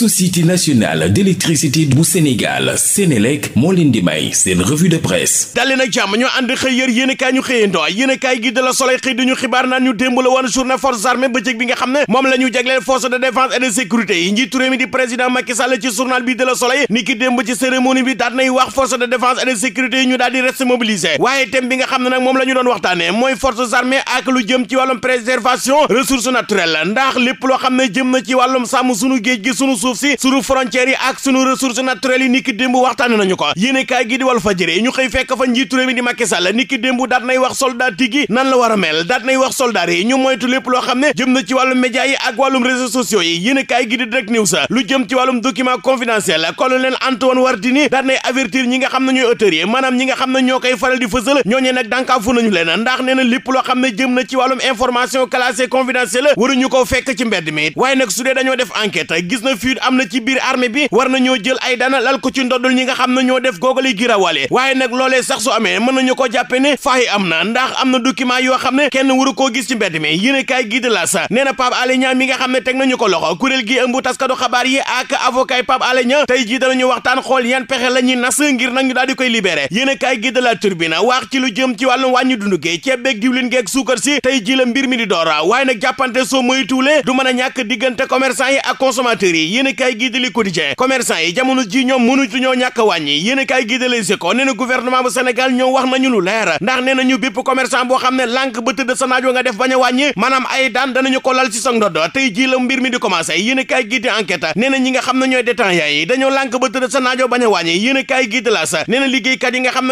société nationale d'électricité bu Sénégal Sénélec moo leen di may seen revue de presse dalee nag jàmm ñoo ànd xëy yër ñu xëyandoo yéen i kaay gi de la Soleil xëy diñu xibaar naan ñu démb la woon journée forces armées bëccëg bi nga xam ne moom la jagleel force de défense et de sécurité yi ñu daal di mobilisé waaye thème bi nga xam ne nag moom la doon waxtaane mooy forces armées ak jëm ci wàllum préservation ressources naturelles ndax lépp loo xam suuf sunu frontières yi ak sunu ressources naturelles yi ni démb waxtaane nañu ko yéene kaay gi di ñu xëy fekk fa njiitu di Macky Sall ni démb daat nay wax soldat tigi nan la war mel daat nay wax soldat yi ñu moytu lépp loo xam ne jëm na ci wàllum média yi ak wàllum réseaux sociaux yi yéene kaay gi di Direct News lu jëm ci wàllum document confidentiel colonel Antoine Wardini daat nay avertir ñi nga xam ne ñooy auteurs yi maanaam ñi nga xam ne ñoo inquiétude am na ci biir armée bi war na ñoo jël ay dana lal ko ñi nga xam ne ñoo def googale giraawale waaye nag loolee sax su amee mën nañu ko jàppe ne faayi am na ndax am na document yoo xam ne kenn waru koo gis ci mbedd mi yéene kaay gi de la sa nee na Pape Alé mi nga xam ne teg nañu ko loxo kuréel gi ëmb taskatu xabaar yi ak avocat Pape Alé Niang tey jii danañu waxtaan xool yan pexe la ñuy ngir nag ñu daal di koy libéré yéene yéen kaay gii di Le Quotidien yi jamono ji ñoom mënutu ñoo ñàkk a wàññi yéen kaay gii di Les na gouvernement bu Sénégal ñoom wax nañu lu leer ndax nee nañu bépp commerçant boo xam ne lànk ba sa naaj nga def bañ a wàññi ay daan danañu ko lal ci sa ndodd tey ji la mbir mi di commencé yéen kaay gii di enquête nee na ñi nga xam ne ñooy détaillants yi dañoo lànk ba sa naaj wa bañ a wàññi yéen kaay gii di L'As na liggéeykat yi nga xam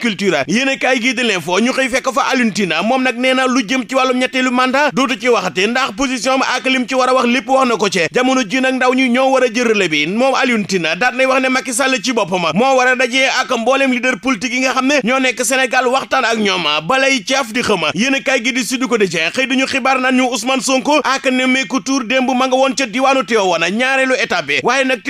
culture yéen kaay gii di l'info ñu xëy fekk fa Alioune Tine moom nag nee na lu jëm ci wàllum ñetteelu mandat dootu ci waxate ndax position am ak lim ci war a wax lépp wax na ko ci jamono ji nag ndaw ñi ñoo war a jël relais bi moom Alioune Tine daat nay wax ne Macky Sall ci boppam moo war a dajee ak mbooleem leader politique yi nga xam ne ñoo nekk Sénégal waxtaan ak ñoom balay caaf di xëma yéen kaay gi di Sud Quotidien xëy duñu xibaar naan ñu Ousmane Sonko ak nemmeeku ma nga woon ca diwaanu Tivaouane ñaareelu étape bi waaye nag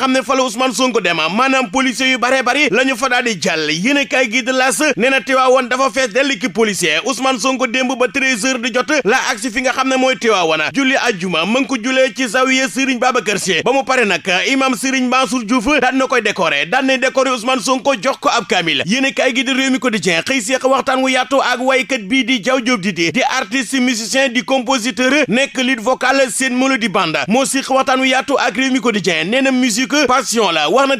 xam ne fa la Ousmane dema maanaam policiers yu baree bari la ñu fa daal jàll yéen kay gi di las nee na Tiwaawan dafa fees delli ki policier Ousmane Sonko démb ba treize di jot la agsi fi nga xam ne mooy Tiwaawan julli ajjuma ma ngi ko julee ci zawiya Serigne Babacar Sy ba mu pare nag imam Serigne Mansour Diouf daan na koy décorer daan na décorer Ousmane Sonko jox ko ab kaamil yéen kay gi di réew mi quotidien xëy seeq waxtaan wu yaatu ak waykat bii di Jaw Jóob di di artiste musicien di compositeur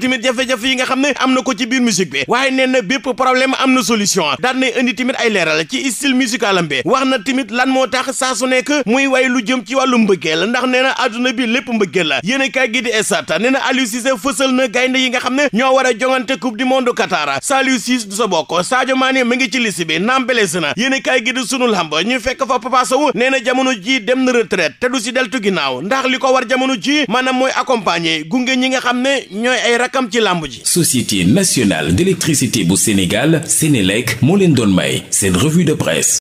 tamit jafe-jafe yi nga xam ne am na ko ci biir musique bi waaye nee na bépp problème am na solution daan nay indi tamit ay leeral ci style musical am bi wax na tamit lan moo tax saa nekk muy way lu jëm ci wàllu mbëggeel ndax nee na adduna bi lépp mbëggeel la yéen a kaay gi di esata nee na Aliou Cissé gaynde yi nga xam ne ñoo war a jongante coupe du monde Qatar Saliou Ciss du sa bokk Sadio Mané mi ngi ci liste bi naam blessé na yéen a kaay gi di sunu lamb nee na jamono ji dem na retraite te du si deltu ginnaaw ndax li ko war jamono ji maanaam mooy accompagner gunge ñi nga xam ne ñooy ay rak rakam ci làmb ji société nationale d'électricité bu Sénégal Sénélec moo leen doon may seen revue de presse